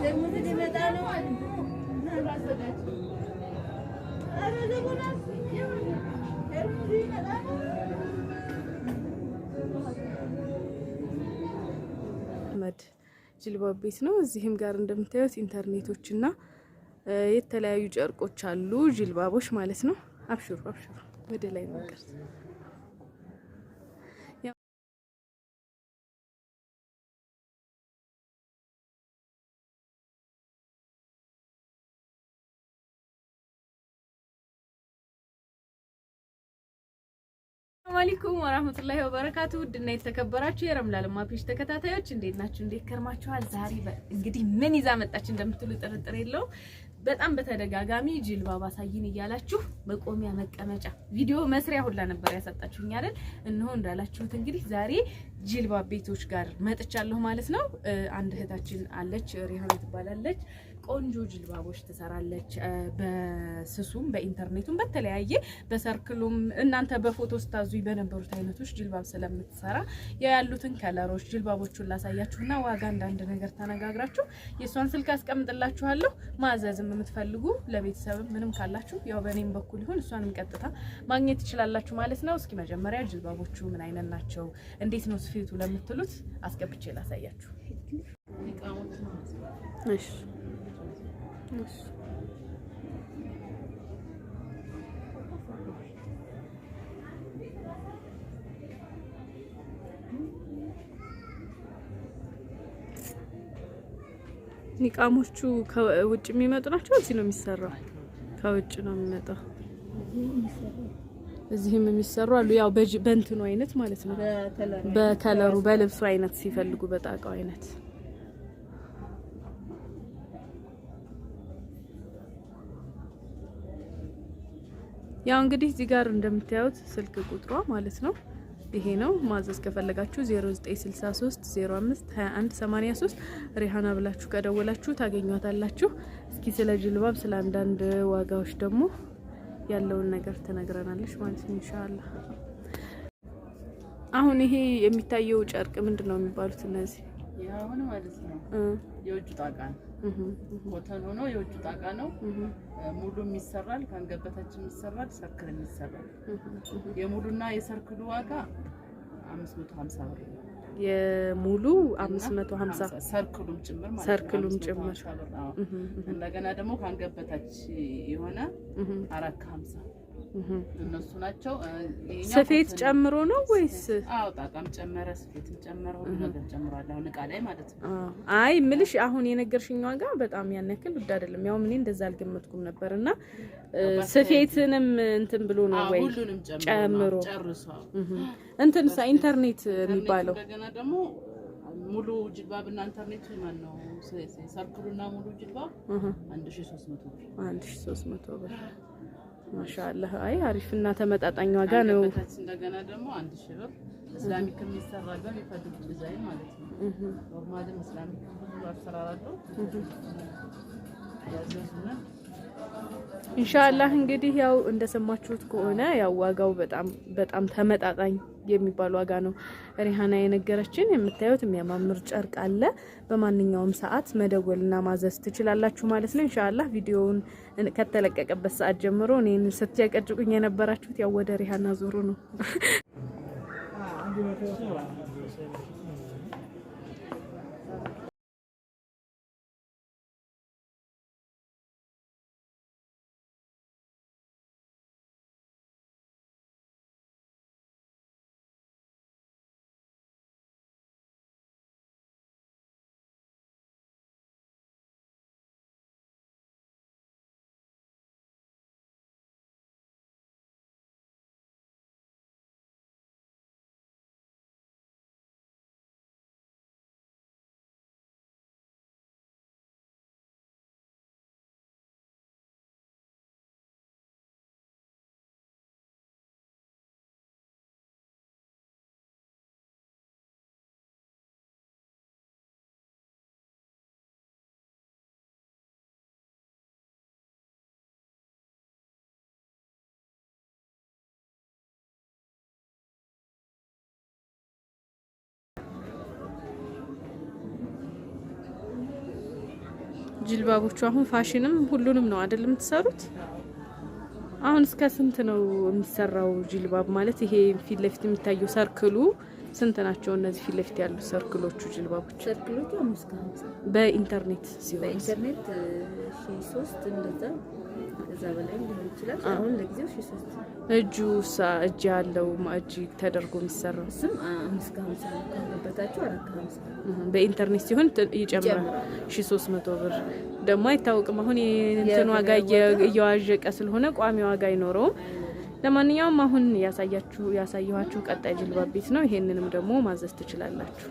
መድ ጅልባብ ቤት ነው። እዚህም ጋር እንደምታዩት ኢንተርኔቶችና የተለያዩ ጨርቆች አሉ፣ ጅልባቦች ማለት ነው። አብሽሩ አብሽሩ ወደ ላይ ነገር ሰላም አለይኩም ወራህመቱላሂ ወበረካቱ። ውድና የተከበራችሁ የረምላል ማፒሽ ተከታታዮች እንዴት ናችሁ? እንዴት ከርማችኋል? ዛሬ እንግዲህ ምን ይዛ መጣች እንደምትሉ ጥርጥር የለውም። በጣም በተደጋጋሚ ጅልባብ አሳይን እያላችሁ መቆሚያ መቀመጫ ቪዲዮ መስሪያ ሁላ ነበር ያሰጣችሁኝ አይደል? እነሆ እንዳላችሁት እንግዲህ ዛሬ ጅልባ ቤቶች ጋር መጥቻለሁ ማለት ነው። አንድ እህታችን አለች፣ ሪሃና ትባላለች። ቆንጆ ጅልባቦች ትሰራለች። በስሱም በኢንተርኔቱም በተለያየ በሰርክሉም እናንተ በፎቶ ስታዙ በነበሩት አይነቶች ጅልባብ ስለምትሰራ ያሉትን ከለሮች ጅልባቦቹን ላሳያችሁና ዋጋ አንዳንድ ነገር ተነጋግራችሁ የእሷን ስልክ ያስቀምጥላችኋለሁ። ማዘዝም የምትፈልጉ ለቤተሰብ ምንም ካላችሁ ያው በእኔም በኩል ይሁን እሷንም ቀጥታ ማግኘት ትችላላችሁ ማለት ነው። እስኪ መጀመሪያ ጅልባቦቹ ምን አይነት ናቸው? እንዴት ነው ፊቱ ለምትሉት አስገብቼ ላሳያችሁ። ኒቃሞቹ ከውጭ የሚመጡ ናቸው። እዚህ ነው የሚሰራው። ከውጭ ነው የሚመጣው። እዚህም የሚሰሩ አሉ። ያው በእንትኑ አይነት ማለት ነው፣ በከለሩ በልብሱ አይነት ሲፈልጉ በጣቃው አይነት ያው እንግዲህ እዚህ ጋር እንደምታዩት ስልክ ቁጥሯ ማለት ነው ይሄ ነው። ማዘዝ ከፈለጋችሁ 0963 ሪሃና ብላችሁ ከደወላችሁ ታገኟታላችሁ። እስኪ ስለ ጅልባብ ስለ አንዳንድ ዋጋዎች ደግሞ ያለውን ነገር ትነግረናለች ማለት ነው ኢንሻአላህ አሁን ይሄ የሚታየው ጨርቅ ምንድን ነው የሚባሉት? እነዚህ ይሁን ማለት ነው። የውጭ ጣቃ ነው፣ ኮተን ሆኖ የውጭ ጣቃ ነው። ሙሉም ይሰራል፣ ከአንገበታችን ይሰራል፣ ሰርክልም ይሰራል። የሙሉና የሰርክሉ ዋጋ አምስት መቶ ሀምሳ ብር ነው። የሙሉ 550 ሰርክሉም ጭምር ማለት ሰርክሉም ጭምር እንደገና ደግሞ ካንገበታች የሆነ 450 እነሱ ናቸው። ስፌት ጨምሮ ነው ወይስ? አዎ ጣጣም ጨመረ፣ ስፌትም ጨመረ፣ ሁሉ ነገር ጨምሯል። አሁን እቃ ላይ ማለት ነው። አይ ምልሽ አሁን የነገርሽኝ ዋጋ በጣም ያን ያክል ውድ አይደለም። ያው እኔ እንደዛ አልገመትኩም ነበር እና ስፌትንም እንትን ብሎ ነው ወይ ጨምሮ ጨርሶ እንትን ኢንተርኔት የሚባለው እንደገና ደግሞ ሙሉ ጅልባብ እና ኢንተርኔት ማን ነው ሰርክሉና ሙሉ ጅልባብ 1300 ብር 1300 ብር ማሻአላህ አይ አሪፍ እና ተመጣጣኝ ዋጋ ነው። እንደገና ደግሞ አንድ ሺህ ብር እስላሚክ የሚሰራ ጋር ይፈልግ ዲዛይን ማለት ነው። ኖርማልም እስላሚክ ብዙ አሰራር አለው። ኢንሻአላህ እንግዲህ ያው እንደሰማችሁት ከሆነ ያው ዋጋው በጣም በጣም ተመጣጣኝ የሚባል ዋጋ ነው። ሪሃና የነገረችን የምታዩት የሚያማምር ጨርቅ አለ። በማንኛውም ሰዓት መደወልና ማዘዝ ትችላላችሁ ማለት ነው። ኢንሻአላህ ቪዲዮውን ከተለቀቀበት ሰዓት ጀምሮ እኔን ስትያቀጭቁኝ የነበራችሁት ያው ወደ ሪሃና ዞሩ ነው። ጅልባቦቹ አሁን ፋሽንም ሁሉንም ነው አይደል የምትሰሩት? አሁን እስከ ስንት ነው የሚሰራው ጅልባብ ማለት ይሄ ፊት ለፊት የሚታየው ሰርክሉ ስንት ናቸው? እነዚህ ፊት ለፊት ያሉ ሰርክሎቹ ጅልባቦች በኢንተርኔት ሲሆን በኢንተርኔት ሺህ ሶስት እንደዛ ከዛ በላይም ሊሆን ይችላል። አሁን ለጊዜው ሶስት እጁ እጅ ያለው እጅ ተደርጎ የሚሰራው እሱም አምስት ከሀምሳ አራት ከሀምሳ በኢንተርኔት ሲሆን ይጨምራል። ሺ ሶስት መቶ ብር ደግሞ አይታወቅም። አሁን የእንትን ዋጋ እየዋዠቀ ስለሆነ ቋሚ ዋጋ አይኖረውም። ለማንኛውም አሁን ያሳያችሁ ያሳየኋችሁ ቀጣይ ጅልባብ ቤት ነው። ይሄንንም ደግሞ ማዘዝ ትችላላችሁ።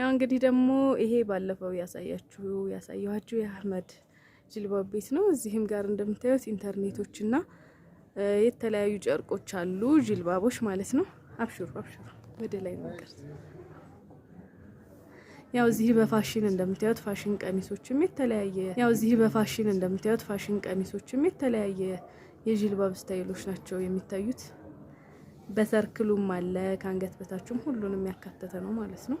ያው እንግዲህ ደግሞ ይሄ ባለፈው ያሳያችሁ ያሳየኋችሁ የአህመድ ጅልባብ ቤት ነው። እዚህም ጋር እንደምታዩት ኢንተርኔቶችና የተለያዩ ጨርቆች አሉ፣ ጅልባቦች ማለት ነው። አብሽሩ አብሽሩ፣ ወደ ላይ መንገር። ያው እዚህ በፋሽን እንደምታዩት ፋሽን ቀሚሶችም የተለያየ ያው እዚህ በፋሽን እንደምታዩት ፋሽን ቀሚሶችም የተለያየ የጅልባብ ስታይሎች ናቸው የሚታዩት። በሰርክሉም አለ ከአንገት በታችም ሁሉንም ያካተተ ነው ማለት ነው።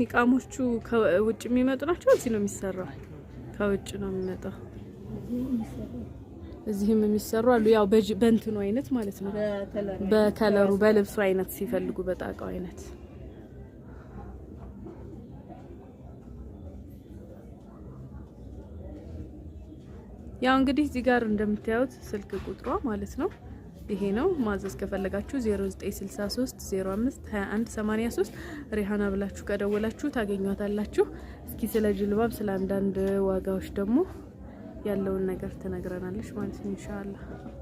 ኒቃሞቹ ከውጭ የሚመጡ ናቸው። እዚህ ነው የሚሰራው፣ ከውጭ ነው የሚመጣው። እዚህም የሚሰሩ አሉ። ያው በእንትኑ አይነት ማለት ነው፣ በከለሩ በልብሱ አይነት ሲፈልጉ በጣቃው አይነት ያው እንግዲህ እዚህ ጋር እንደምታዩት ስልክ ቁጥሯ ማለት ነው ይሄ ነው። ማዘዝ ከፈለጋችሁ 0963052183 ሪሃና ብላችሁ ከደወላችሁ ታገኟታላችሁ። እስኪ ስለ ጅልባብ ስለ አንዳንድ ዋጋዎች ደግሞ ያለውን ነገር ትነግረናለች ማለት ነው ኢንሻአላህ።